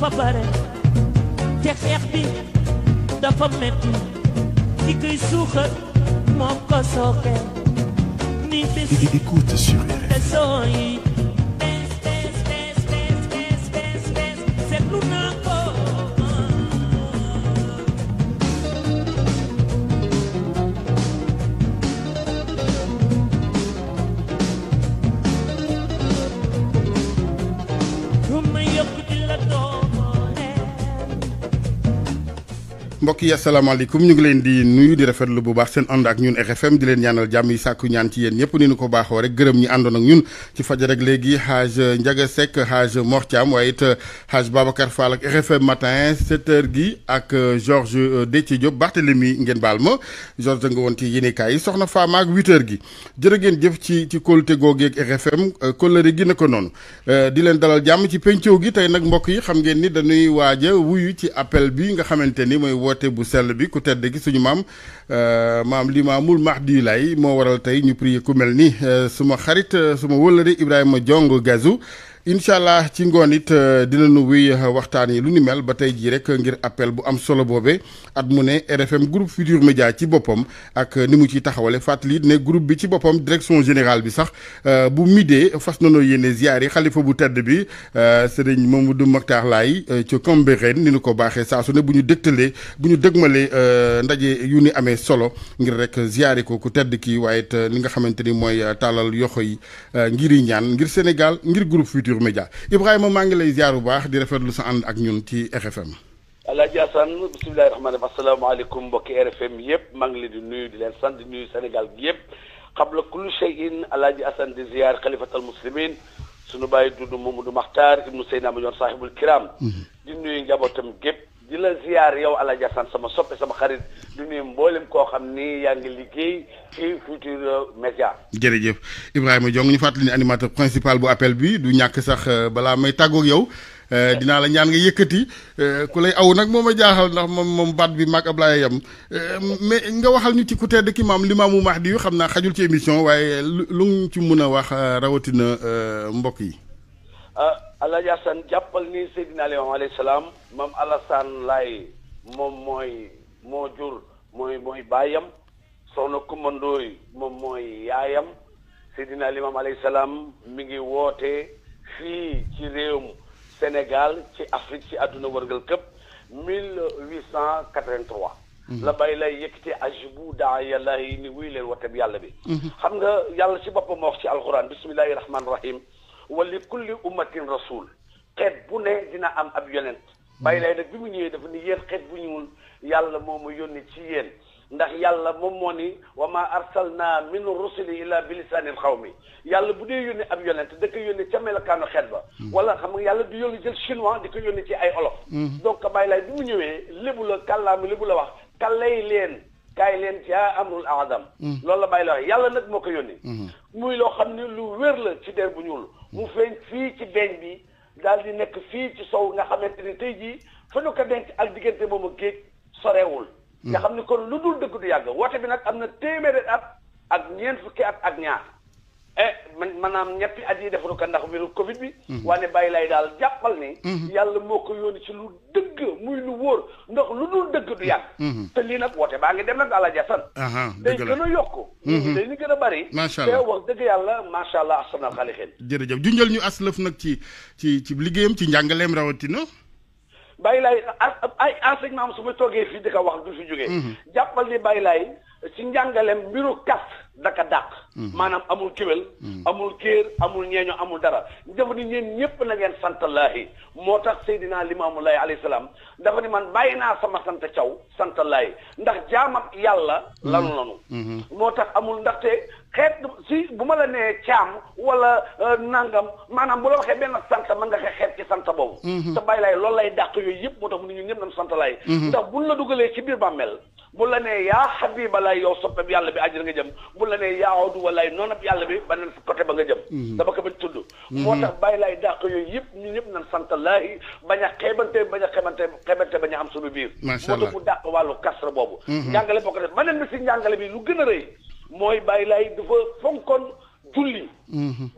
dafa bare te xeex bi dafa metti ki koy suuxal moo ko sooke ni bés écoute sur les réseaux yi mbokk mbokk yi asalaamaaleykum ñu ngi leen di nuyu di rafetlu bu baax seen ànd ak ñun RFM di leen ñaanal jàmm yi sàkku ñaan ci yéen ñëpp ni ñu ko baaxoo rek gërëm ñi àndoon ak ñun ci faja rek léegi Hadj Ndiaga Seck Hadj Mor waaye it Hadj Babacar Fall ak RFM matin 7 gi ak euh, Georges euh, Déthié Diop Barthélemy ngeen baal ma Georges da nga woon ci yéenekaay yi soxna Fama ak 8h a jërë ngeen jëf ci ci kóolute googeeg RFM euh, kóllëre gi na ko noonu di leen dalal jàmm ci pencoo gi tey nag mbokk yi xam ngeen ni dañuy waaj a wuyu ci appel bi bu sell bi ku tedd gi suñu maam euh, maam Limaamul Mahdi Laay moo waral tey ñu prier ku mel nii ni euh, suma xarit euh, suma wëllëre Ibrahima Jong Gazu incha allah ci ngoon it euh, dinañu wuy euh, waxtaan yi lu ni mel ba tey jii rek ngir appel bu am solo boobee at mu ne RFM groupe Futur Média ci boppam ak ni mu ciy taxawale fàttali ne groupe bi ci boppam direction général bi sax euh, bu midee fas nanoo yéene ziyaari xalifa bu tedd bi sëriñ du Mactar ci ca Cambérène ni ñu ko baaxee saa su ne bu ñu dëgtalee bu ñu dëgmalee ndaje yu ni amee solo ngir rek ziyaari ko ku tedd kii waaye it li nga xamante ni mooy tàllal yoxo yi ngiri ñaan ngir Sénégal ngir groupe Futur Futurs Ibrahima maa ngi lay ziar bu baax di rafetlu sa ànd ak ñun ci RFM. Alaaji Assane bisimilahi rahmaani rahiim asalaamaaleykum mbokki RFM yëpp maa ngi leen di nuyu di leen sant di nuyu Sénégal gi yëpp xabla kulli cheyin Alaaji Assane di ziar xalifatal muslimin sunu bàyyi dund du Makhtar ibnu Seyna Mañor saahibul kiram mm-hmm. di nuyu njabootam gépp di la ziar yow Alaaji Assane sama soppe sama xarit du nuyu mboolem koo xam ni yaa ngi liggéey ci Futurs Médias. jërëjëf Ibrahima Diong ñu fàttali ni animateur principal bu appel bi du ñàkk sax euh, balaa may tàggoog yow. Euh, dinaa la ñaan nga yëkkati euh, ku lay aw nag moom a jaaxal ndax moom moom baat bi mag Ablaye yam mais nga waxal ñu ci ku tedd ki maam Limaamu Mahdi yu xam naa xajul ci émission waaye lu ñu ci mën a wax rawatina mbokk yi. Alaaji Assane jàppal ni Seydina salaam. mam Alassane Laye moom mooy moo jur mooy mooy baayam soxna Kumba Ndoye moom mooy yaayam Seydina Limam alayhi salaam mi ngi woote fii ci réewum Sénégal ci Afrique ci àdduna wërgal këpp 1883. Mhm. la bay lay yëkkati ajibu daa yàlla yi ni wuy leen bi yàlla bi. Mhm. xam nga yàlla ci boppam moo ci alxuraan bismillahi rahmaani rahim. wa li kulli ummatin rasul. xeet bu ne dina am ab bàyyi hmm. lay nag bi mu ñëwee dafa ni yéen xeet bu ñuul yàlla moo ma yónni ci yéen ndax yàlla moom moo ni wa ma arsalna min rusuli illa bi xaw xawmi yàlla bu dee yónni ab yonent da koy yónni ca melokaanu xeet ba hmm. wala xam nga yàlla du yónni jël chinois di ko yónni ci ay olof hmm. donc bàyyi lay bi mu ñëwee lébu la kàllaama lébu la wax kallay leen kaay leen ci amrul aadam loolu la bàyyi la wax yàlla nag moo ko yónni muy loo xam ne lu wér la ci der bu ñuul daal di nekk fii ci sow nga xamante ni tey jii fa ñu ko denc ak diggante moom ak géej sorewul hmm. nga xam ni kon lu dul dëgg du yàgg woote bi nag am na téeméeri at ak ñeent fukki at ak ñaar eh maanaam ñetti at yi defaru ko ndax mbiru Covid bi. Mhm. waaye bàyyi lay daal jàppal ni. Mhm. yàlla moo ko yónni ci lu dëgg muy lu wóor ndox lu dul dëgg du yàgg. Mhm. te lii nag woote baa ngi dem nag àlla jasan. day gën a yokku. day ñu gën a bari. macha allah te wax dëgg yàlla macha allah asana xaalixin. jërëjëf junjal ñu aslëf nag ci ci ci liggéeyam ci njàngaleem rawatina. bàyyi laay ay enseignement am su ma toogee fii di ko wax du fi jógee. jàppal ni bàyyi laay ci njàngaleem mbiru kas daka dàq. Mhm. maanaam amul kéwél mhm. amul géer amul ñeeño amul dara dafa ni ñeen ñëpp na ngeen sant laahi moo tax Seydina Limaamu Laay alayhi salaam dafa ni man bàyyi naa sama sant caw sant laahi ndax jaamam yàlla mhm. lanu lanu moo tax amul ndaxte xeet si bu ma la nee caam wala euh, nangam maanaam bu la waxee benn sant mën nga xeet ci sant boobu te bàyyi laay loolu lay dàq yooyu yëpp moo tax mu ne ñun ñëpp nam sant laay ndax la dugalee ci biir bàmmeel bu la nee yaa bi yàlla bi àjjana nga jëm bu wallaay noonu ab yàlla bi beneen côté ba nga jëm mhm. dama ko bañ tudd mhm. moo tax bàyyi laay dàq yooyu yëpp ñu ñëpp nan sant laahi bañ a xeebante bañ a xeebante xeebante bañ a am suñu biir moo da mu dàq wàllu kasra boobu mhm. njàngale boo ko def beneen bi si njàngale bi lu gën a rëy mooy bàyyi laay dafa fonkoon julli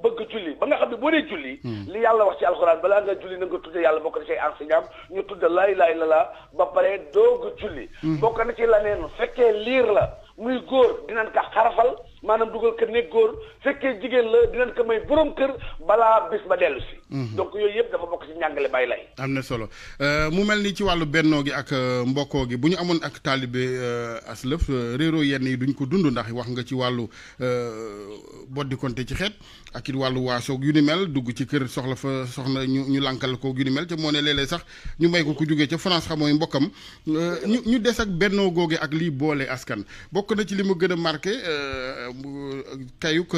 bëgg julli ba nga xam ne boo dee julli li yàlla wax ci alxuraan balaa nga julli na nga tudde yàlla bokk na ci enseignant ñu tudde laa ilaaha illallaah ba pare doog julli bokk na ci laneen fekkee liir la muy góor dinañ ka xarafal maanaam dugal kër ne góor fekkee jigéen la dinañ ko may borom kër balaa bis ba dellu si. Mhm. yooyu yëpp dafa bokk si njàngale bàyyi lay. am na solo euh, mu mel ni ci wàllu bennoo gi ak euh, mbokkoo gi bu ñu amoon ak taalibe euh, aslëf réeroo yenn yi duñ ko dund ndax wax nga ci wàllu boddi konte ci xeet ak it wàllu waasoog yu ni mel dugg ci kër soxla fa soxna ñu ñu lànkal ko yu ni mel te moo ne sax ñu may ko ku ca France xamooy mbokkam ñu ñu des ak bennoo ak lii boole askan bokk na ci li mu gën a marqué. kayuk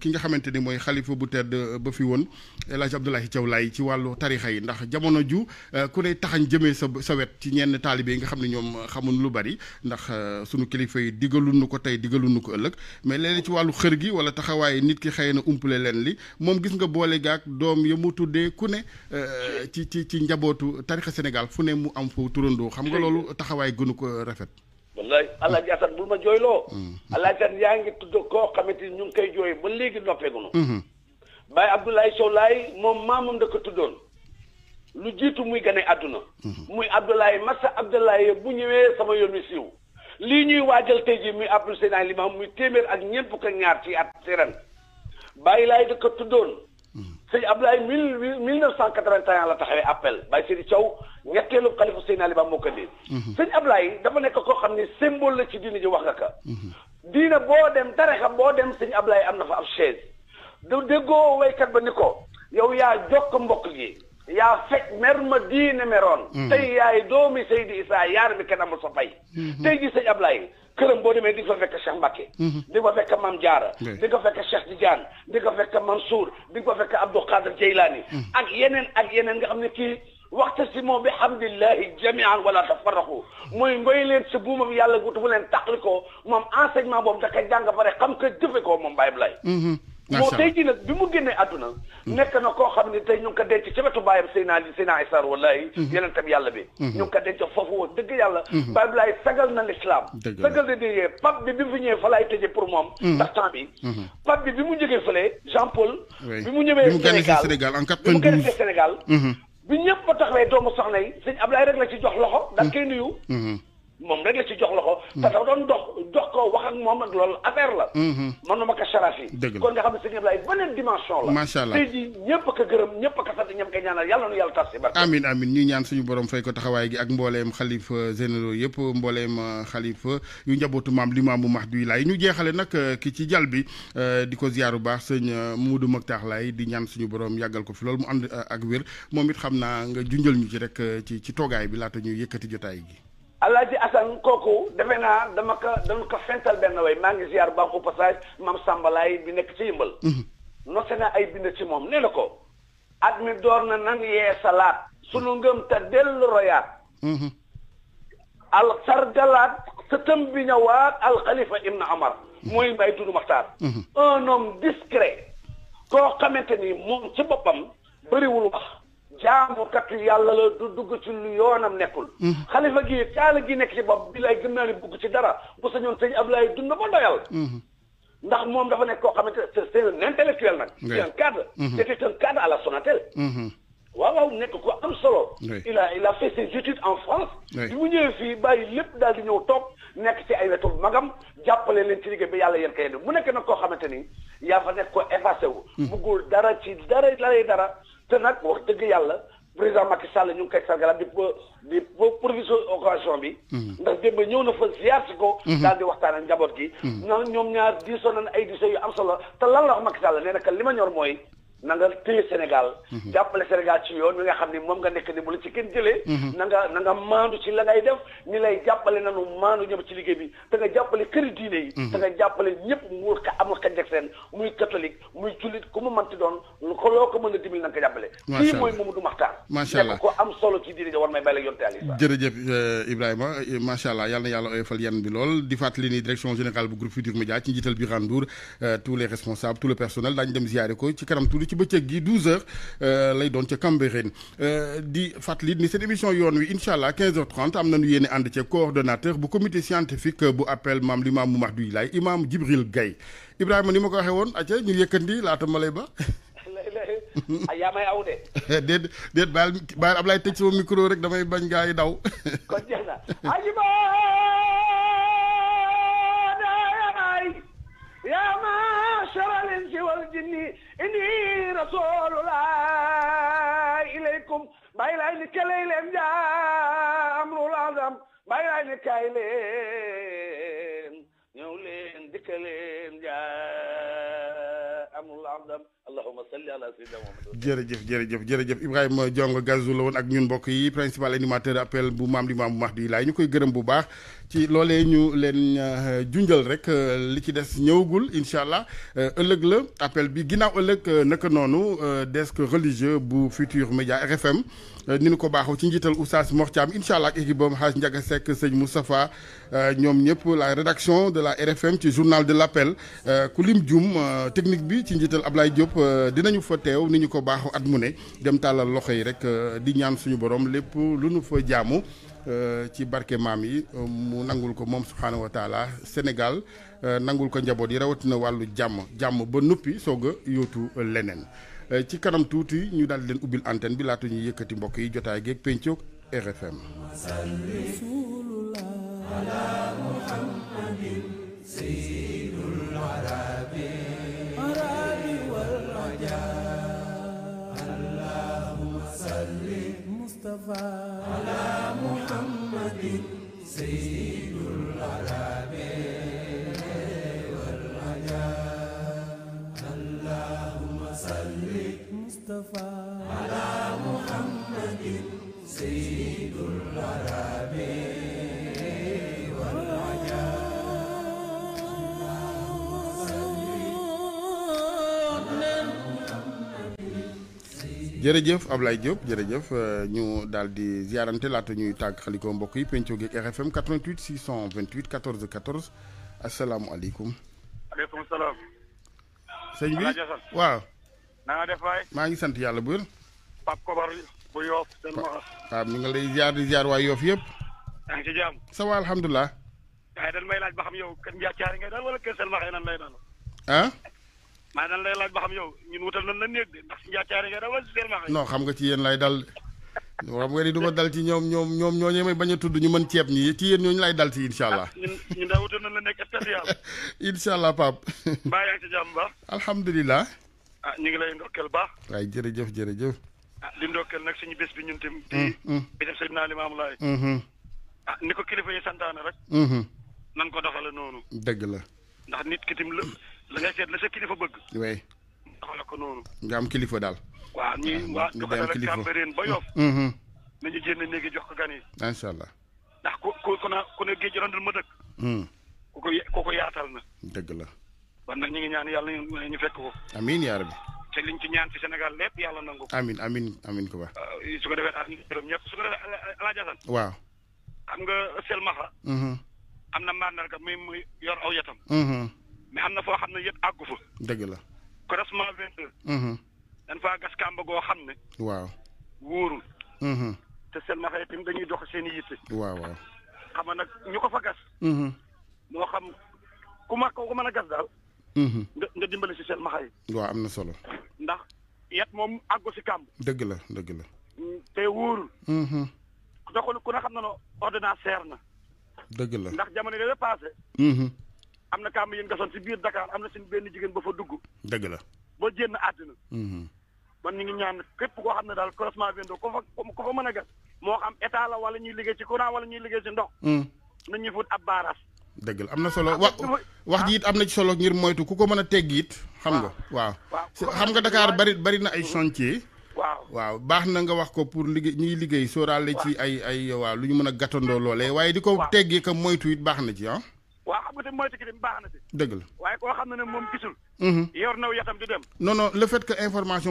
ki nga xamante ni mooy xalifa bu tedd euh, ba fi woon El Hadj Abdoulaye Thiaw Laye ci wàllu tarixa yi ndax jamono ju euh, ku ne taxañ jëmee sa sa wet ci ñenn taalibe yi nga xam ne ñoom xamuñ lu bari ndax euh, sunu kilifa yi diggaluñu ko tey diggaluñu ko ëllëg mais léeg ci wàllu xër gi wala taxawaay nit ki xëy na umpale leen li moom gis nga boole gaak doom ya mu tuddee ku ne ci ci ci njabootu tarixa Sénégal fu ne mu am fu turandoo xam nga loolu taxawaay gënu ko rafet wallaay Alaaji Asan bul ma jooyloo. Mm. Alaaji Asan yaa ngi tudd koo xamante ni ñu ngi koy jooy ba léegi noppeegunu mm-hmm. Baye Abdoulaye Sow laay moom maamam dëkk tuddoon. lu jiitu muy gane àdduna. Mm-hmm. muy Abdoulaye Massa Abdoulaye bu ñëwee sama yoon wi siiw. lii ñuy waajal tey jii muy Abdou Seydina Limam muy téeméer ak ñeent fukk ñaar ci at si ren. Baye laay dëkk tuddoon. sëñ Abdoulaye mille mille neuf cent quatre-vingt-un la taxawee appel Baye Seydi Thiaw ñetteelu xalifu Seydina Limaamu moo ko indi. Mhm. sëñ dafa nekk koo xam ne symbole la ci diina di wax nga ka mhm. diina boo dem tarixa boo dem sëñ Abdoulaye am na fa ab chaise. du déggoo waykat ba ni ko yow yaa jokk mbokk gi. yaa fekk mer ma diine meroon mm. tey yaay doomi Seydi Issa yaar bi kenn amul sa fay mm-hmm. tey ji sëñ Ablaye këram boo demee di nga fa fekk Cheikh Mbacke mm-hmm. di nga fekk Mame Diarra di nga fekk Cheikh Tidiane di nga fekk Mansour di nga fekk Abdou Qadir Jeylani mm. ak yeneen ak yeneen nga xam ne si waxtasimu bi hamdillahi jamian wala tafarraqu mooy ngoy leen si buumam yàlla gutu bu leen taqli ko moom enseignement boobu da koy jàng pare xam ko jëfe ko moom Baye Blay mm-hmm. moo tey jii nag bi mu génnee àdduna mm. nekk na koo xam ne tey ñu ngi ko denc ca wetu baayam Seydina Seydina Issa wallahi mm-hmm. yeneen tam yàlla bi mm-hmm. ñu ngi ko denc foofu woon dëgg yàlla mm-hmm. baay bi laay sagal na l'islam sagal na déyee pape bi bi mu ñëwee fa tëjee pour moom ndax temps bi bi bi mu jógee fële Jean Paul bi mu ñëwee Sénégal bi ñëpp ba taxawee doomu soxna yi sëñ Ablaye rek la ci jox loxo dañ koy nuyu moom rek la ci jox loxo te dafa doon nag loolu affaire la. Mhm. mënuma ko sarafi. dëgg kon nga xam ne sëñ Ablaye beneen dimension la. macha allah tey jii ñëpp a ko gërëm ñëpp a ko sant ñëpp a ko ñaanal yàlla nu yàlla tas si barke. amiin amiin ñu ñaan suñu borom fay ko taxawaay gi ak mbooleem xalifa généraux yëpp mbooleem euh, xalifa yu njabootu maam Limaamu Mahdi Laay ñu jeexale nag euh, ki ci jal bi euh, di ko ziyaaru baax sëñ Muudu Maktaax Laay di ñaan suñu borom yàggal ko fi loolu mu ànd ak wér moom it xam naa nga junjal ñu ci rek ci ci toogaay bi laata ñuy yëkkati jotaay gi Alaaji Asan kooku defe naa dama ko dama ko fental benn way maa ngi ziar baax au passage maam Sambalaay bi nekk ci yëmbal mhm. nose naa ay bind ci moom nee na ko at mi door na nan yee salaat sunu ngëm te dellu royaat mhm. al sargalaat sëtëm bi ñëwaat al xalifa ibn Omar mooy mhm. Baye Doudou Makhtar un homme discret koo xamante ni moom ci boppam bëriwul wax jaamukatu yàlla la du dugg ci lu yoonam nekkul. Mm-hmm. xalifa gi taala gi nekk ci bopp bi lay gëm naa ne bugg ci dara bu sañoon sëñ Abdoulaye dund ba doyal. Mm-hmm. ndax moom dafa nekk koo xamante ne c'est intellectuel nag. c'est cadre. Mm-hmm. c'était cadre à la Sonatel. waaw waaw nekk ko am solo. il a il a fait ses études en France. bi mu ñëwee fii bàyyi lépp daal di ñëw toog nekk ci ay wetu magam jàppale leen ci liggéey bi yàlla yéen kay mu nekk nag koo xamante ni yaa fa nekk ko effacé wu. buggul dara ci dara lay dara. te nag wax dëgg yàlla président Macky Sall ñu ngi koy sargalaat di po di provisoire occasion bi. Mm-hmm. ndax démb ñëw na fa ziar si ko. Mm-hmm. daal di waxtaan ak njaboot gi. Mm-hmm. ñoom ñaar diisoo nañ ay diisoo yu am solo te lan la wax Macky Sall nee na li ma ñor mooy. na nga téye Sénégal. Mhm. jàppale Sénégal ci yoon mi nga xam ni moom nga nekk ni bu la ci kenn jëlee. Mhm. na nga na nga maandu ci la def ni lay jàppale nanu maandu ñëpp ci liggéey bi te nga jàppale këri diine yi. Mhm. te nga jàppale ñëpp mu ka amul ka njëkk seen muy catholique muy jullit ku mu mënti doon ko loo ko mën a dimbali na ko jàppale. kii mooy Mamadou Makhtar. macha allah la yonte Aliou. jërëjëf eh, Ibrahima eh, macha allah yal na yàlla oyofal yan bi lool di fàttali ni direction générale bu groupe Futur Média ci eh, le personnel daañu ci kanam ci bëccëg gi 12h euh, lay doon ca Cambérène euh, di fàttali ni seen émission yoon wi incha allah 15h30 am nañu yéene ànd ca coordonnateur bu comité scientifique bu appel maam limaamu Mahdi Ilaay imaam Jibril Gaye Ibrahima ni ma ko waxee woon aca ñu yëkkandi laata ma lay ba. ah yaa may aw de. déet déet baal baal Ablaye tëj sama micro rek damay bañ gaa daw. kon jeex na. إني إني رسول الله إليكم باي لاي نكلي لين جا أمر العظم باي لاي نكاي لين يولين دكلين جا أمر العظم allahumma salli jërëjëf jërëjëf jërëjëf Ibrahima jong Gazou la woon ak ñun mbokk yi principal animateur appel bu maam di maam Mahdi laay ñu koy gërëm bu baax ci loolee ñu leen euh, junjal rek euh, li ci des ñëwagul incha allah euh, ëllëg la appel bi ginnaaw ëllëg naka noonu desk religieux bu Futur Média RFM ni ñu ko baaxoo ci njiital oustaz Mor Thiam incha allah ak équipe bam Hadj Ndiaga Seck sëñ Moustapha ñoom ñëpp la rédaction de la RFM ci journal de l' appel ku lim jum technique bi ci njiital Ablaye Euh, dinañu fa teew ni ñu ko baaxu at mu ne dem tàllal loxo yi rek euh, di ñaan suñu boroom lépp lu nu fa jaamu euh, ci barke maam yi mu nangul ko moom subhaanahu wa taala Sénégal nangul ko njaboot yi rawatina wàllu jàmm jàmm ba nuppi sog a yóotu leneen ci kanam tuuti ñu daal di leen ubbil antenne bi laata ñuy yëkkati mbokk yi jotaay geeg pencoog RFM. ala muhammadin sayyidul Mustafa ala Muhammadin sayyidul arabi jërëjëf Ablaye Diop jërëjëf euh, ñu daal di ziarante laata ñuy tàgg xalikoo mbokk yi penco geeg RFM 88 628 14 14 asalaamualeykum. aleykum salaam. sëñ bi waaw. na nga maa ngi sant yàlla bu wér. Pape bu Yoof. waaw ñu ngi lay ziar di ziar waay Yoof yëpp. yaa ngi ci jàmm. ça va waaye dañ may laaj ba xam yow kër Ndiakhate ngay daal wala kër Selmax nan lay daal. ah. maa dañ lay laaj ba xam yow ñun wutal nañ la néeg de ndax si njaacaare nga dawal si serment non xam nga ci yéen lay dal de xam nga ni du ma dal ci ñoom ñoom ñoom ñoo ñemee bañ tudd ñu mën ceeb ñi ci yéen ñooñu lay dal ci incha allah ah, ñun ñun daa wutal nañ la nekk spécial incha allah Pape mbaa yaa ngi ci jàmm baax alhamdulilah ah ñu ngi lay ndokkeel baax waaye jërëjëf jërëjëf ah di ndokkeel nag suñu bés bi ñun tim di bi mm, mm. def Seydina Limaamu Laay mm-hmm. ah ni ko kilifa yi santaane rek mm-hmm. nan ko doxale noonu dëgg la ndax nit ki tim la ngay seet la sa kilifa bëgg. oui. xanaa ko noonu. nga am kilifa daal. waaw ñuy ah, waa ñu ko defee Cambérène ba Yoff. Mm-hmm. Mm-hmm. nañu génn néegi jox ko gan yi. ndax ku ku ku ne ku ne géej randal ma dëkk. Mm. ku ko ku yaatal na. dëgg la. kon nag ñu ngi ñaan yàlla ñu fekk ko. amiin yaa rabbi. te liñ ci ñaan ci senegal lépp yàlla nangu ko. amiin amiin amiin ko ah, su ko defee daal ñu gërëm ñëpp su ko defee El waaw. xam nga Sel mm-hmm. am na mandarga muy muy yor aw yatam. mais am na foo xam ne yëpp àggu fa. dëgg la. croisement vingt deux. Mm-hmm. dañ faa gas kàmb goo xam ne. waaw wóorul. Mm-hmm. te seen naxa itam dañuy dox seen i waaw waaw xam nga nag ñu ko fa gas. Mm-hmm. moo xam ku ma ko mën a gas daal. nga nga dimbali si seen maxa yi. am na solo. ndax yat moom àggu si kàmb. dëgg la dëgg la. Mm, te wóorul. ku ne xam na ne ordonnance seer na. dëgg la ndax jamono yële passé. am na kàmm yu ñu gasoon si biir Dakar am na suñ benn jigéen ba fa dugg. dëgg la ba jénn àddina. man mm-hmm. ñu ngi ñaan képp koo xam ne daal croisement Vendôme ko fa ko mën a gas. moo xam état la wala ñuy liggéey ci courant wala ñuy liggéey ci ndox. Mm. nañu fut ab baaraas. dëgg la am na solo wax wax ji it am na ci solo ngir moytu ku ko mën a tegg it. xam nga waaw. xam nga dakaar bari bari na ay mm-hmm. chantier. waaw waaw baax na nga wax ko pour liggéey ñuy liggéey sóoraale ci ay ay waaw lu ñu mën a gàttandoo loole waaye di ko teggi ka moytu it baax na ci ah. te moytu ki dem baax na si. dëgg la waaye koo xam ne ne moom gisul. Mhm. yor naw yatam di dem. non non le fait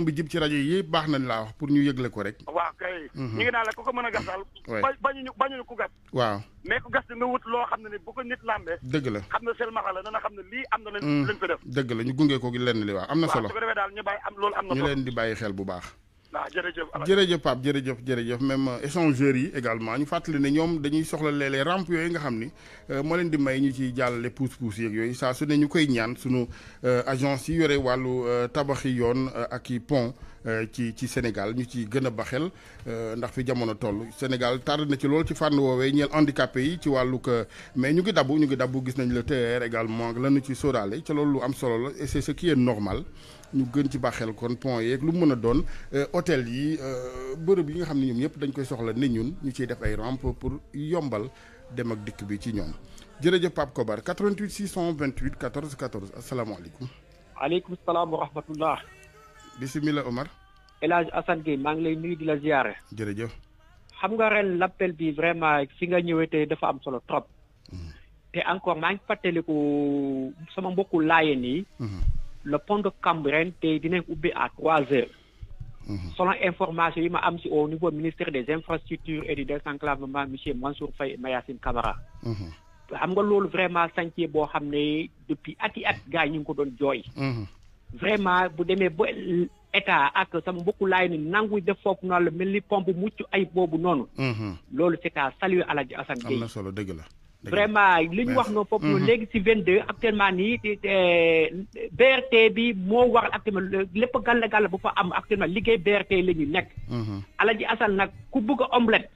bi jib ci rajo yi baax na laa wax pour ñu yëgle ko rek. waaw kay. Mhm. ñu ngi naan la ku ko mën a gas daal. ba bañuñu bañuñu ku gas. waaw mais ku gas di nga wut loo xam ne ni bu ko nit làmbee. dëgg la xam ne seen maxa la dana xam ne lii am na. lañ lañ ko def dëgg la ñu gunge ko lenn li waaw am na solo. ñu leen di bàyyi xel bu baax waaw jërëjëf jërëjëf Pape jërëjëf jërëjëf même euh, échangeurs yi également ñu fàttali ne ñoom dañuy soxla léeg-léeg rampe yooyu nga xam ni euh, ma leen di may ñu ci jàllale pousse pousse yeeg yooyu saa su ne ñu koy ñaan sunu euh, agence yi yore wàllu tabaxi yoon ak i pont Euh, ci ci Sénégal ñu ci gën a baxel euh, ndax fi jamono toll Sénégal tardé na ci lool ci fànn woowee ñeel handicapé yi ci wàllug euh, mais ñu ngi dabu ñu ngi dabu gis nañ le TER également lanu ci sóoraale ca loolu lu am solo la et c'est ce qui est normal ñu gën ci baxel kon pont yeeg lu mu mën a doon hôtel yi bërëb yi nga xam ne ñoom ñëpp dañ koy soxla ne ñun ñu ciy def ay rampe pour yombal dem ak dikk bi ci ñoom jërëjëf Pape ko 88 628 14 14 asalaamaaleykum. aleykum salaam wa bisimilah Omar. El Hadj Assane Gueye maa ngi lay nuyu di la ziare. jërëjëf. xam nga ren l'appel bi vraiment fi nga ñëwee tey dafa am solo trop. Mm-hmm. te encore maa ngi fàttaliku sama mbokku laayeen yi. Mm-hmm. le pont de Cambérène tey dinañ ubbi à trois heures. Mm-hmm. selon information yi ma am si au niveau ministère des infrastructures et du désenclavement monsieur Mansour Faye Mayacine Camara. xam nga loolu vraiment chantier boo xam ne depuis at yi at gars yi ñu ngi ko doon jooy. vraiment bu demee ba état ak sama mbokku laay ni nanguy def foofu noonu la mel ni pompe mucc ay boobu noonu. Mhm. loolu c'est à saluer Aladji Assane Gueye. am na solo dëgg la. vraiment li ñu wax noonu foofu noonu mhm. léegi si 22 actuellement nii BRT bi moo waral actuellement lépp gàll gàll bu fa am actuellement liggéey BRT la ñu nekk. Aladji mhm. Assane nag ku bëgg a omelette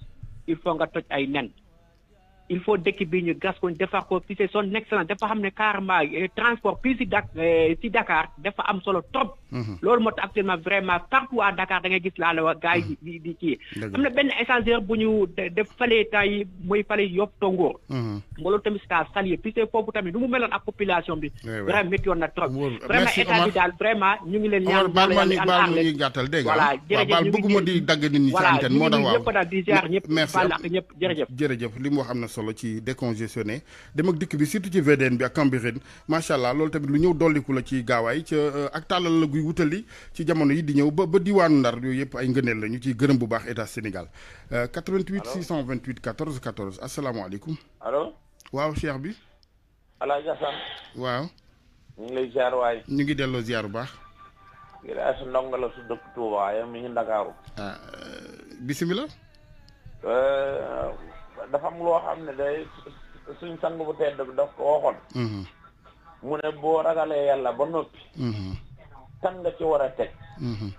il faut nga toj ay nen. il faut dëkk bi ñu gas ko defar ko puis c'est son excellence dafa xam ne carrément eh, transport puis eh, si Dakar dafa am solo trop. Mhm. loolu moo tax actuellement vraiment partout à Dakar da ngay gis laa la wax gars yi di di kii mhm. am na benn échangeur bu ñu def fale temps yi mooy fale yob tongoor mbooloo mhm. tamit sta salie puisque foofu tamit nu mu meloon ak population bi vraiment métti woon na trop vraiment état bi daal vraiment ñu ngi leen ñaan baal baal ma ñuy gàttal dégg nga voilà jërëjëf baal bëgguma di dagg nit ñi ci antenne moo tax waaw ñëpp daal di ziar ñëpp li mu wax am na solo ci décongestionné dem ak dikk bi surtout ci VDN bi ak Cambérène loolu tamit lu ñëw dolliku la ci gaawaay ca euh, la wutali ci jamono yi di ñëw ba ba diwaanu ndar yooyu yëpp ay ngëneel la ñu ciy gërëm bu baax état Sénégal. 88 628 14 14 asalaamaaleykum. allo. waaw cheikh bi. Alaaji Assane. waaw. ñu ngi lay ziar waay. ñu ngi delloo ziar bu baax. ngir as ndongo la ngi Ndakaaru. ah euh, bisimilah. Euh, am loo xam ne day suñ sang bu tedd bi daf ko waxoon. Mm-hmm. mu ne boo ragalee yàlla ba noppi. Mm-hmm. kan nga ci war a teg mm-hmm.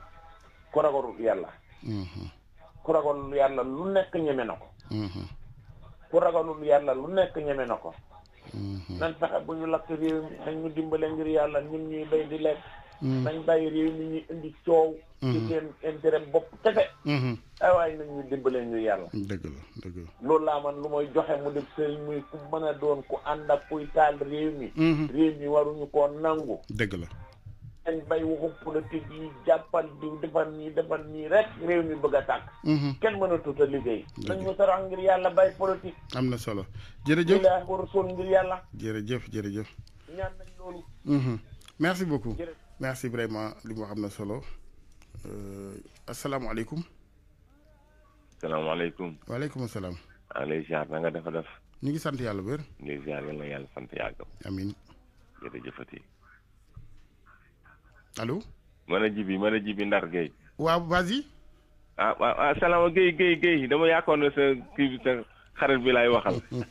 ku ragal yàlla mm-hmm. ku ragal yàlla lu nekk ñeme na ko mm-hmm. ku yàlla lu nekk ñeme na ko nan fexe bu ñu lakk réew mi nañ ñu dimbale ngir yàlla ñun ñuy bay di lekk nañ bàyyi réew mi ñuy indi coow ci seen intérêt bopp kese ay waaye nañ ñu dimbale ngir yàlla dëgg la dëgg la loolu laa man lu mooy joxe mu def sëriñ muy ku mën a doon ku ànd ak kuy taal réew mi réew mi waruñu koo nangu dëgg la dañ bay waxu politique yi jàppal diw defal nii defal nii rek réew mi bëgg a tàkk mhm. kenn mën a liggéey nañ mu ngir yàlla bay politique am na solo jërëjëf la war a yàlla jërëjëf jërëjëf ñaan mhm. merci beaucoup merci vraiment li mu xam na solo euh, asalaamaaleykum salaamaaleykum waaleykum salaam alay ziar na nga def ñu ngi sant yàlla wér ñu amin allo. mën a ji bi mën a ji Ndar Gueye. waaw vas-y. ah ah, ah salaama Gueye Gueye Gueye dama yaakaar ne sa kii bi sa xarit bi laay waxal.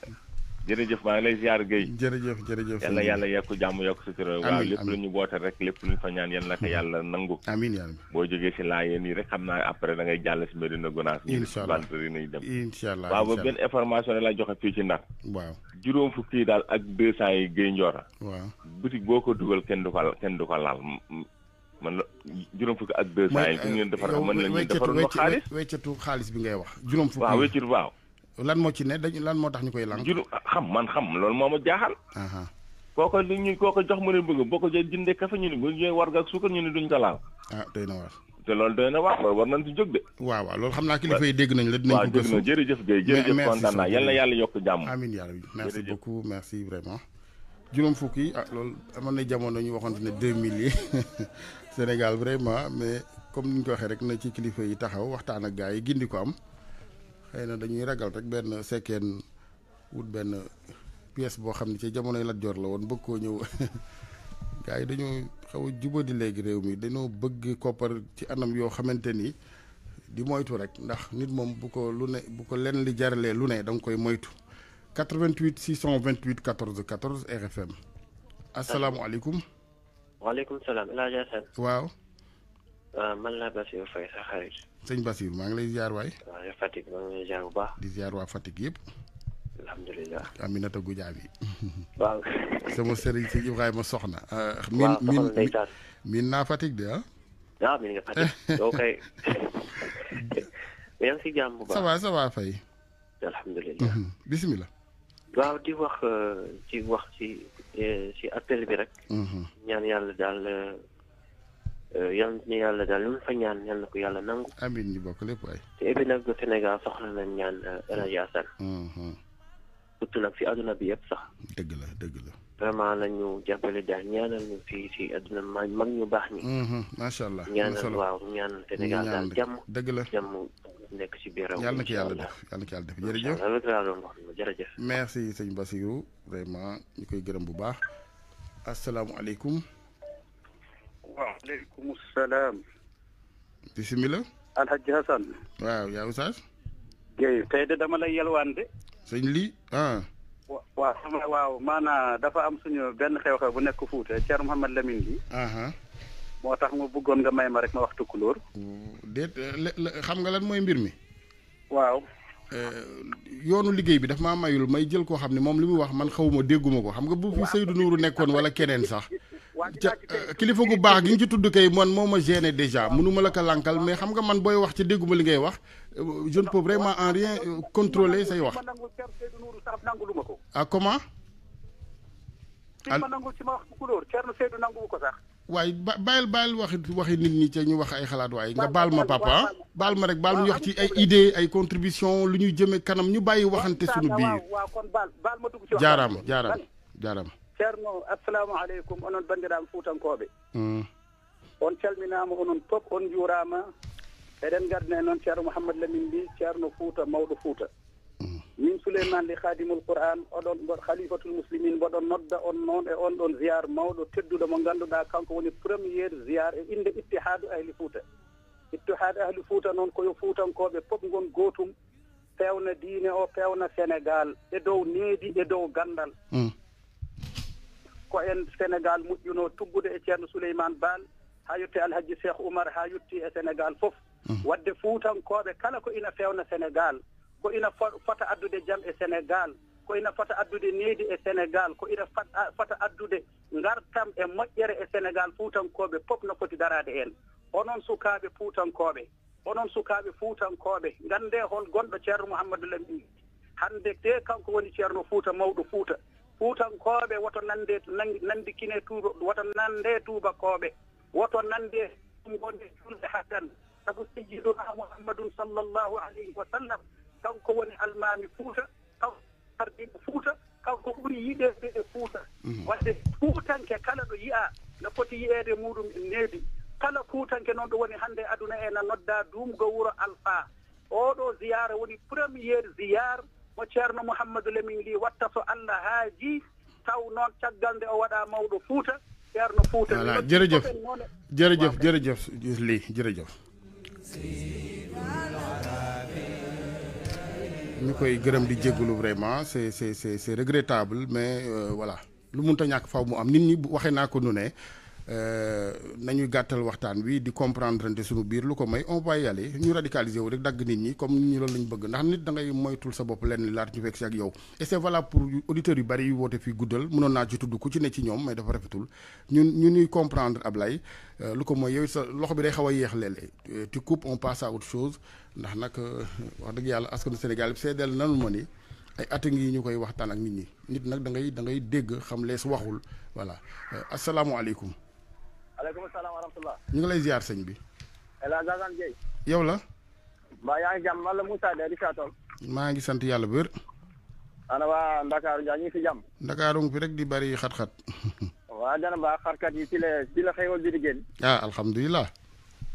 jërëjëf maa ngi lay ziar Gueye. jërëjëf jërëjëf yàlla yàlla yokk jàmm yokk sutura. amiin waaw lépp lu ñu woote rek lépp lu ñu fa ñaan yal na ko yàlla nangu. amiin yaa boo jógee si laa yéen yi rek xam naa après dangay jàll si Medina Gonaas. incha allah ñun dem. incha allah waaw ba benn information la joxe fii ci Ndar. waaw juróom fukki daal ak deux cent yi Gueye Ndiora. waaw boutique boo ko dugal kenn man la juróom fukk ak deux cent yi fu ngeen defar man la ñu defaroon ma xaalis bi ngay wax juróom fukk waaw weccatu waaw lan moo ci ne dañu lan moo tax ñu koy lan juróom xam man xam loolu moo ma jaaxal kooko li ñu kooko jox mu ne bëgg boo ko jël jëndee kafe ne bu ñëwee warga ak ne duñ ko laal ah doy na loolu doy na war nañ ci waaw waaw loolu xam naa kilifa yi dégg nañ la dinañ ko gëstu jërëjëf Guèye jërëjëf kontaan naa na yàlla yokk jàmm amiin yàlla merci beaucoup merci vraiment juróom fukk yi ah loolu amoon na jamono ñu waxoon ne deux mille yi Sénégal vraiment mais comme ni ñu ko waxee rek na ci kilifa yi taxaw waxtaan ak gars yi gindi ko am xëy na dañuy ragal rek benn sekkeen wut benn pièce boo xam ne ci jamonoy Lat Joor la woon bëgg koo ñëw gars dañoo xaw a di léegi réew mi dañoo bëgg koppar ci anam yoo xamante ni di moytu rek ndax nit moom bu ko lu ne bu ko lenn li jaralee lu ne da koy moytu 88 628 14 14 RFM asalaamualeykum. waaleykum salaam El Hadj Assane waaw. Ah, man la Bassirou Faye sa xarit. sëñ Bassirou maa ngi lay ziar waay. bu baax. di ziar waa Fatick yëpp. alhamdulilah. Aminata Goudiaby. waaw. sama sëriñ si Ibrahima Soxna. Ah, waaw min min miin naa Fatick de ah. waaw ah, miin nga Fatick. yow kay. yaa ngi si jàmm bu baax ça mhm. euh, di wax ci wax ci si appel bi rek. Mhm. ñaan yàlla daal euh, yal na yàlla daal lu mu fa ñaan yal na ko yàlla nangu. amiin ñu bokk lépp waay. te ébi nag Sénégal soxla nañ ñaan euh, El Hadj mhm. nag si àdduna bi yëpp sax. dëgg la dëgg la. vraiment nañu jàppale daal ñaanal ñu fii si àdduna mag ñu baax ñi. Mhm, macha allah ñaanal waaw ñaanal Sénégal daal jàmm. dëgg la nekk ci biir. yàlla na ko yàlla def yàlla na ko def jërëjëf jërëjëf. merci sëñ Basirou vraiment ñu koy gërëm bu baax asalaamualeykum. waaleykum salaam. bisimilah. Alhaji Hassan. waaw yaa Oustaz. Guèye tey dama lay yalwaan de. sëñ lii ah. waaw sama maanaam dafa am suñu benn xew-xew bu nekk Fuuta Thierno Mouhamed Lamine bi. moo tax ma bëggoon nga may ma rek ma waxtu tukulóor. déet xam nga lan mooy mbir mi. waaw. Euh, yoonu liggéey bi daf maa mayul may jël koo xam ne moom li muy wax man xawuma dégguma ko xam nga bu fi Seydou nekkoon wala keneen sax ca euh, kilifa gu baax gi nga ci tudd kay man moo ma gêné déjà mënuma la ko lànkal mais xam nga man booy wax ci dégguma li ngay wax euh, jeune ne peux vraiment en rien contrôler say wax ah comment. al ma nangul ci ma wax waaye ba bàyyil bàyyil waxi waxi nit ñi ca ñu wax ay xalaat waaye nga baal ma papa baal ma rek baal ma ñu wax ci ay idée ay contribution lu ñuy jëme kanam ñu bàyyi waxante suñu biir jaaraama jaaraama jaaraama ceerno assalamu aleykum onon banndiraaɓe fuutankooɓe hmm. on calminaama onon fof on njuuraama eɗen ngardi ne noon ceerno mouhamadou lamin mbi ceerno fuuta mawɗo fuuta min souleyman li khadimul qouran oɗon mbo khalifatul muslimin mboɗon nodda on noon e on ɗon ziyar mawɗo tedduɗo mo ngannduɗa kanko woni premiére ziyar e inde ittihadu ahli fouta ittihaade ahli fouta noon koyo fuutankooɓe fof ngon gootum peewna diine o peewna sénégal e dow needi e dow ganndal hmm. ko en sénégal moƴƴunoo tuggude e ceerno souleymane baal haa yetti alhaji cheikh oumar haa yetti e sénégal fof hmm. wadde fuutankooɓe kala ko ina feewna sénégal ko ina fota addude jam e sénégal ko ina fota addude needi e sénégal ko ina fota addude ngartam e moƴƴere e sénégal fuutankoɓe fof no foti darade en onon sukaɓe fuutankoɓe onon hol gonɗo ceerno mouhammadou lamɗi hande te kanko woni ceerno fuuta mawɗo fuuta fuutankoɓe woto nande nandikine tuuba woto nande tuubakoɓe woto nande julɓe hakkan sabu sayyidu a mouhammadum sallllahu alayhi kanko woni almami fuuta kanko ardiɗo fuuta e fuuta mhm. wadde kala ɗo yiya no foti yiyeede muɗum e needi kala fuutanke noon ɗo woni hannde aduna e no nodda duumgo wuro alpha oɗo ziyara woni premier ziyare mo ceerno mouhammadou lemin li watta so allah haaji taw noon caggal nde o waɗa mawɗo fuuta ceerno fuuta voilà jërëjëf jërëjëf jërëjëf li jërëjëf ñu koy gërëm di jégalu vraiment c'est c'est c'est c'est regrettable mais euh, voilà lu mënta ñàkk faw mu am nit ñi waxee naa ko nu ne euh, nañuy gàttal waxtaan wi di comprendre nte suñu biir lu ko may on va y aller ñu radicaliser wu rek dagg nit ñi comme ñu loolu lañ bëgg ndax nit da ngay moytul sa bopp lenn laata ñu fekk si ak yow. et c'est valable pour auditeurs yu bari yu woote fii guddal mënoon naa ci tudd ku ci ne ci ñoom mais dafa rafetul ñu ñu ñuy comprendre Ablaye euh, lu ko mooy yow sa loxo bi day xaw a yéex léeg-léeg on passe à autre ndax nag euh, wax dëgg yàlla askanu Sénégal bi seedeel nanu ma ni ay at ngi ñu koy waxtaan ak nit ñi nit nag dangay dangay dégg xam lees waxul voilà euh, asalaamualeykum. aleykum salaam wa rahmatulah. ñu ngi lay ziar sëñ bi. yow la. mbaa yaa ngi jàmm man la Moussa de Richard Toll. maa ngi sant yàlla bu wér. ana waa Ndakaaru Ndiaye ñu ngi fi jàmm. Ndakaaru ngi rek di bari xat-xat. waa dana baax xarkat yi ci la ci la di génn. ah alhamdulilah.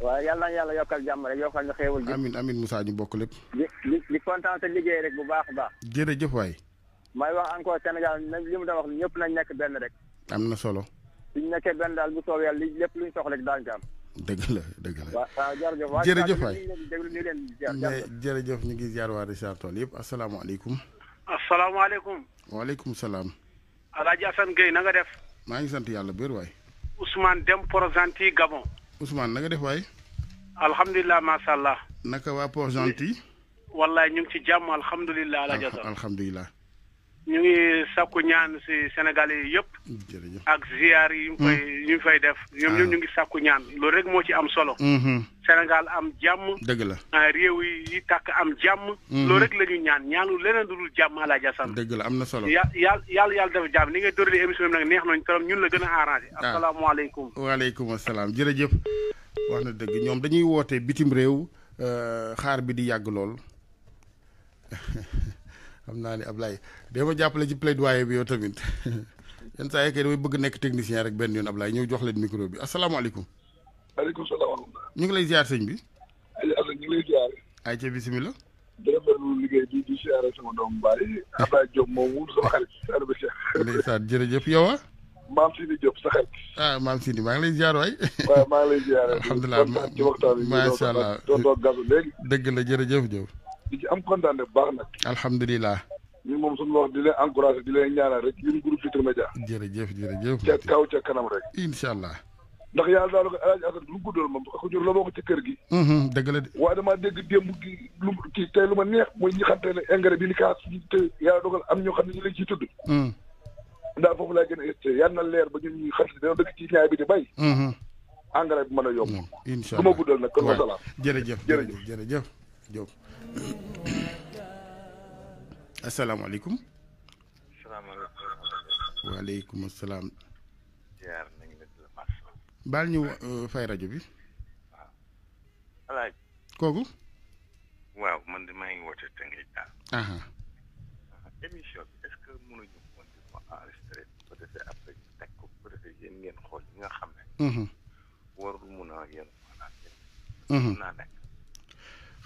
waaye yàlla na yàlla yokkal jàmm rek yokkal ñu xéewal ji amin amin Moussa ñu bokk lépp di di di kontaan liggéey rek bu baax a baax jërëjëf waay may wax encore Sénégal li mu doon wax ñëpp nañ nekk benn rek am na solo suñ nekkee benn daal bu soobee yàlla lépp luñ soxla rek daañu ko am dëgg la dëgg la waaw jërëjëf waay jërëjëf waay déglu ñu leen mais jërëjëf ñu ngi ziar waa Richard Toll yëpp asalaamaaleykum asalaamaaleykum waaleykum salaam Alaaji Assane Gueye na nga def maa ngi sant yàlla bér waay Ousmane Dem Ousmane na def waay. alhamdulilah macha allah. naka waa Port Gentil. wallaay ñu ngi ci jàmm alhamdulilah. alhamdulilah. ñu ngi sakku ñaan si Sénégal yi yëpp. ak ziar yi ñu fay fay def. ñoom ah. ñu ngi sakku ñaan. loolu rek moo ci am solo. Mm-hmm. senegal am jàmm. dëgg la ah, réew yi tàkk am jàmm. Mhm. loolu rek la ñaan ñaanu leneen lu dul jàmm El Hadj Assane. dëgg la am na solo yàlla yàlla yàlla dafa jàmm ni ngay dóoree émission bi nag neex nañu trop ñun la gën a arrangé. waaw ah. asalaamaaleykum. waaleykum salaam jërëjëf. wax na dëgg ñoom dañuy woote bitim réew euh, xaar bi di yàgg lool xam naa ne Ablaye dee ma jàppale ci plaidoyer bi yow tamit yenn saa yi kay damay bëgg nekk technicien rek benn yoon Ablaye ñëw jox leen micro bi asalaamaaleykum. maaleykum ñu ngi lay ziar sëñ bi. allo ñu ngi lay ziar. ayca di rafetlu liggéey bi di ziare sama doomu baay Abdoulaye Diop moom wul sama xarit jërëjëf yow ah. maam Sidi Diop sa xarit. ah maam Sidi maa ngi lay ziar waay. waaw maa ngi lay ziar. alhamdulilah macha allah dëgg la jërëjëf Diop. di ci am kontaan bu baax nag. alhamdulilah. ñun moom suñu wax di leen encouragé di leen ñaanal rek ñun groupe Futurs Médias. jërëjëf jërëjëf. ca kaw ca kanam rek. incha allah. ndax yàlla daal ko El Hadj Assane lu guddal moom ko jur la boo ko ci kër gi. Mm-hmm, dëgg la de. waaye dégg démb gi lu ci tey ma neex mooy xam te ne engrais bi ni kaas te dogal am ñoo xam ne ñu leen ciy tudd. Mm-hmm. daal foofu laay gën a yëg yal na leer ba ñun ñuy xam ne dina dëkk ci ñaay bi di bay. Mm-hmm. engrais bi mën a yomb. incha allah du ma guddal nag kon wa salaam. jërëjëf jërëjëf jërëjëf Diop. asalaamaaleykum. asalaamaaleykum. waaleykum salaam. baal ñu euh, fay rajo bi. alaaj kooku. waaw man de maa ngi woote Tëngéej daal. émission bi est-ce que mënuñu ko enregistré bu ko defee après ñu teg ko bu ko defee yéen ngeen xool yi nga xam ne. Mhm. warul mun a yéen xalaat yéen. Mhm. mun naa nekk.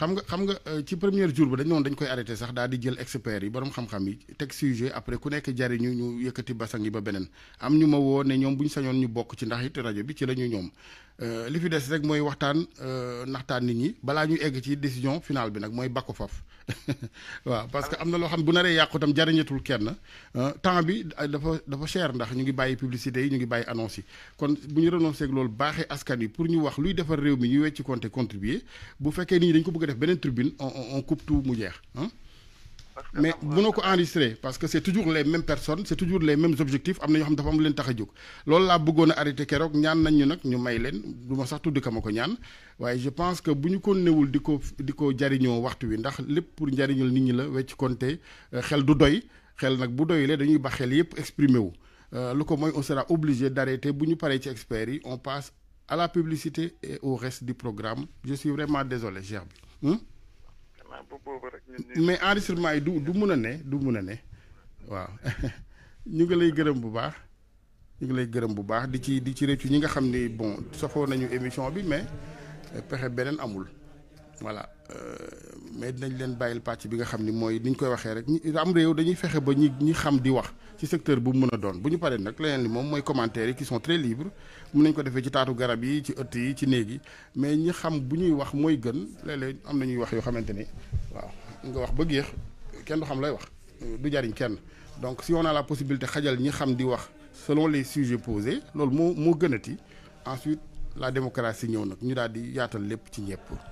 xam nga xam nga euh, ci premier jour ba dañ noonu dañ koy arrêté sax daa di jël experts yi borom xam-xam yi teg sujet après ku nekk jariñu ñu yëkkati basang yi ba beneen am ñu ma woo ne ñoom bu ñu sañoon ñu bokk ci ndax it rajo bi ci la ñoom Euh, li fi des rek mooy waxtaan euh, naxtaan nit ñi balaa ñu egg ci décision finale bi nag mooy bakko faf waaw parce que am na loo xam bu naree yàqu tam jariñatul kenn euh, temps bi dafa dafa cher ndax ñu ngi bàyyi publicité yi ñu ngi bàyyi annonce yi kon bu ñu renoncé loolu baaxee askan yi pour ñu wax luy defar réew mi ñu wecci compte contribuer bu fekkee nit ñi dañ ko bëgg def beneen tribune on on coupe tout mu jeex mais mënoo ko enregistré parce que c' est toujours les mêmes personnes c' est toujours les mêmes objectifs am na ñoo xam dafa am leen tax a jóg loolu laa bëggoon a arrêté keroog ñaan nañ ñu nag ñu may leen du ma sax tudd ka ma ko ñaan waaye je pense que bu ñu ko newul di ko di ko jariñoo waxtu wi ndax lépp pour njariñul nit ñi la wecc konte euh, xel du doy xel nag bu doyulee dañuy ba xel yëpp exprimer wu euh, lu ko moy on sera obligé d' arrêter bu ñu paree ci experts yi on passe la publicité au reste du programme je suis vraiment désolé Cheikh bi hmm? ba boobu rek mais enregistrement yi du du mun a ne du mun a ne waaw ñu ngi lay gërëm bu baax ñu ngi lay gërëm bu baax di ci di ci réccu ñi nga xam ni bon sofoo nañu émission bi mais pexe beneen amul. voilà euh, mais dinañ leen bàyyil pàcc bi nga xam ni mooy ni ñu koy waxee rek ñu am réew dañuy fexe ba ñi ñi xam di wax ci secteur bu mu mën a doon bu ñu paree nag leneen li moom mooy commentaires yi qui sont très libres mun nañ ko defee ci taatu garab yi ci ëtt yi ci néeg yi mais ñi xam bu ñuy wax mooy gën léeg-léeg am na ñuy wax yoo xamante ni waaw nga wax ba géex kenn du xam lay wax du jariñ kenn donc si on a la possibilité xajal ñi xam di wax selon les sujets posés loolu moo moo gënati ensuite la démocratie ñëw nag ñu daal di yaatal lépp ci ñëpp.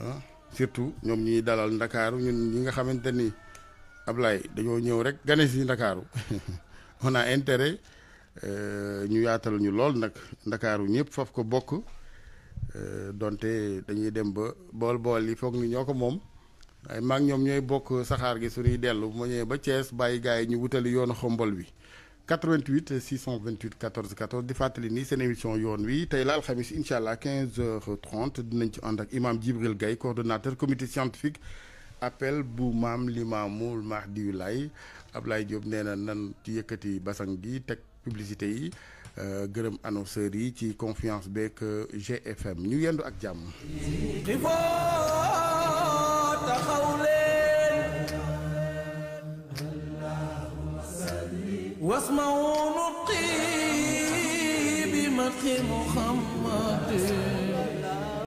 Ah, surtout ñoom ñuy dalal ndakaaru ñun ñi nga xamante ni Ablaye dañoo ñëw rek gane si ndakaaru on a intérêt euh, ñu yaatal ñu lool nag ndakaaru ñëpp faf ko bokk euh, donte dañuy dem ba bool bool yi foog ni ñoo ko moom waaye maag ñoom ñooy bokk saxaar gi suñuy dellu moo ñëwee ba cees bàyyi gars yi ñu wutali yoonu xombol bi 88 628 14 14 di fàttali ni seen émission yoon wi tey la alxamis incha allah 15 heures 30 dinañ ci ànd ak imam Djibril Gaye coordonnateur comité scientifique appel bu maam Limaamul Mahdi yu laay Ablaye Diop nee na nan ci yëkkati basang gi teg publicité yi euh, gërëm annonceurs yi ci confiance beeg euh, GFM ñu yendu ak jàmm. واسمعوا نطقي بمدح محمد